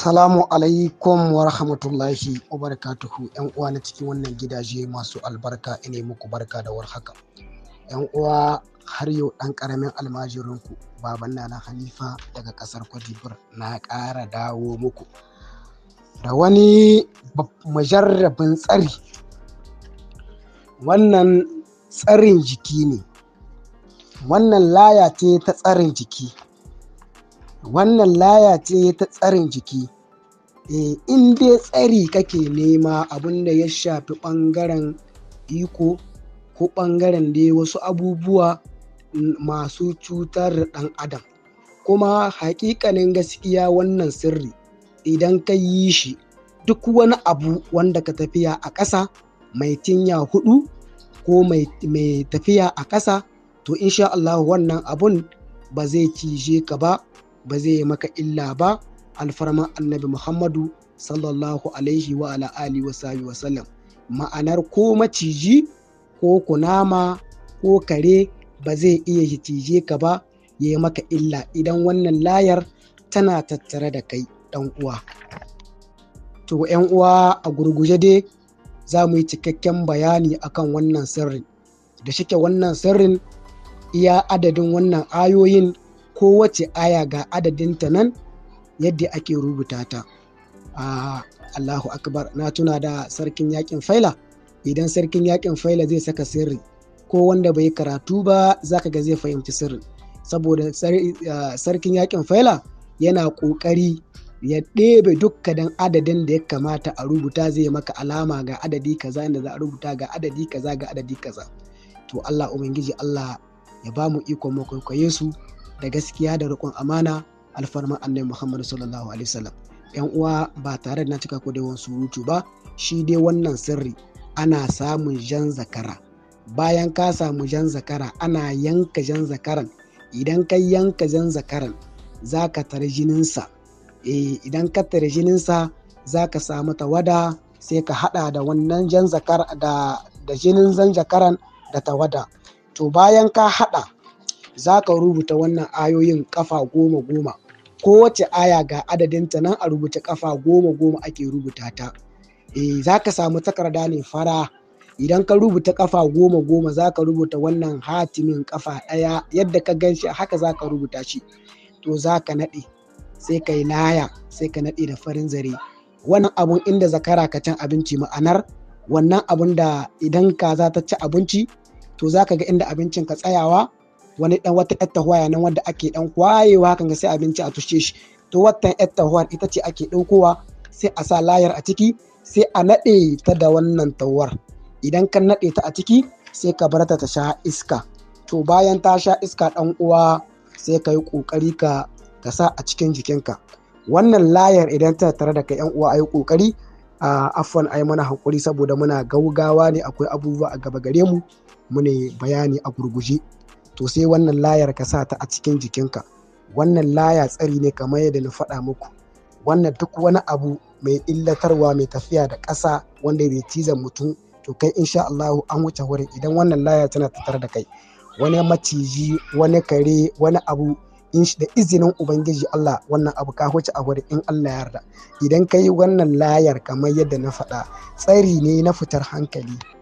Assalamu alaikum wa rahmatullahi wa barakatuhu ‘yan uwa na cikin wannan gidaje masu albarka ina muku barka da warhaka. ‘Yan uwa har yau ɗan ƙaramin almajirinku baban na Hanifa daga ƙasar Kwajibur na ƙara dawo muku. Da wani majarrabin tsari, wannan tsarin jiki ne, wannan laya ce ta tsarin jiki. wannan laya ce ta tsarin jiki e, in dai tsari kake nema abin da ya shafi ɓangaren iko ko ɓangaren dai wasu abubuwa masu cutar da ɗan adam kuma haƙiƙanin gaskiya wannan sirri idan ka yi shi duk wani abu wanda ka tafiya a ƙasa mai tinya hudu ko mai tafiya a ƙasa to insha Allah wannan abun ba zai cije ka ba ba zai yi maka illa ba alfarman annabi muhammadu sallallahu alaihi wa ala wa sahbihi wa sallam ma'anar ko maciji ko kunama ko kare ba zai iya cijeka cije ka ba ya yi maka illa idan wannan layar tana tattare da kai dan uwa to yan uwa a gurguje dai za mu yi cikakken bayani akan wannan sirrin da shike wannan sirrin iya adadin wannan ayoyin kowace aya ga adadinta nan yadda ake rubuta ta allahu akbar na tuna da sarkin yakin faila idan sarkin yakin faila zai saka sirri ko wanda bai karatu ba zaka ga zai fahimci sirri. saboda sarkin yakin faila yana ƙoƙari ya ɗebe dukkanin adadin da ya kamata a rubuta zai maka alama ga adadi kaza inda za a rubuta ga adadi kaza ga adadi kaza to Allah ubangiji Allah ya ba mu ikon mu su da gaskiya da rukun amana alfarman annabi muhammadu sallallahu alaihi wasallam yan uwa ba tare da na cika ko da wani surutu ba shi dai wannan sirri ana samun jan zakara bayan ka samu jan zakara ana yanka jan zakaran idan ka yanka jan zakaran za ka tare jininsa eh, idan ka tare jininsa za ka samu tawada sai ka hada da wannan jan zakara, da jinin zan zakaran da tawada to bayan ka hada za ka rubuta wannan ayoyin kafa goma goma kowace aya ga adadin ta nan a rubuta kafa goma goma ake rubuta ta e, za ka samu takarda ne fara idan ka rubuta kafa goma goma za ka rubuta wannan hatimin kafa ɗaya yadda ka gan shi haka za ka rubuta shi to za ka naɗe sai ka yi laya sai ka naɗe da farin zare wannan abun inda zakara ka can abinci ma'anar wannan abun da idan kaza ta ci abinci to za ka ga inda abincin ka tsayawa wani dan wata yar tahuwa nan wanda ake ɗan kwayewa hakan ga sai abinci a tushe shi to watan yar tahuwar ita ce ake ɗaukowa sai a sa layar a ciki sai a naɗe ta da wannan tahuwar idan ka naɗe ta a ciki sai ka bar ta ta sha iska to bayan ta sha iska ɗan uwa sai ka yi ƙoƙari ka ka sa a cikin jikinka wannan layar idan ta tare da kai yan uwa a yi ƙoƙari a afwan ai mana hakuri saboda muna gaugawa ne akwai abubuwa a gaba gare mu mu ne bayani a gurguje to sai wannan layar ka sa ta a cikin jikinka wannan laya tsari ne kamar yadda na faɗa muku wannan duk wani abu mai illatarwa mai tafiya da ƙasa wanda bai cizan mutum to kai insha Allah an wuce wurin idan wannan laya tana tattare da kai wani maciji wani kare wani abu da izinin ubangiji Allah wannan abu ka huce a wurin in Allah yarda idan kai wannan layar kamar yadda na faɗa tsari ne na fitar hankali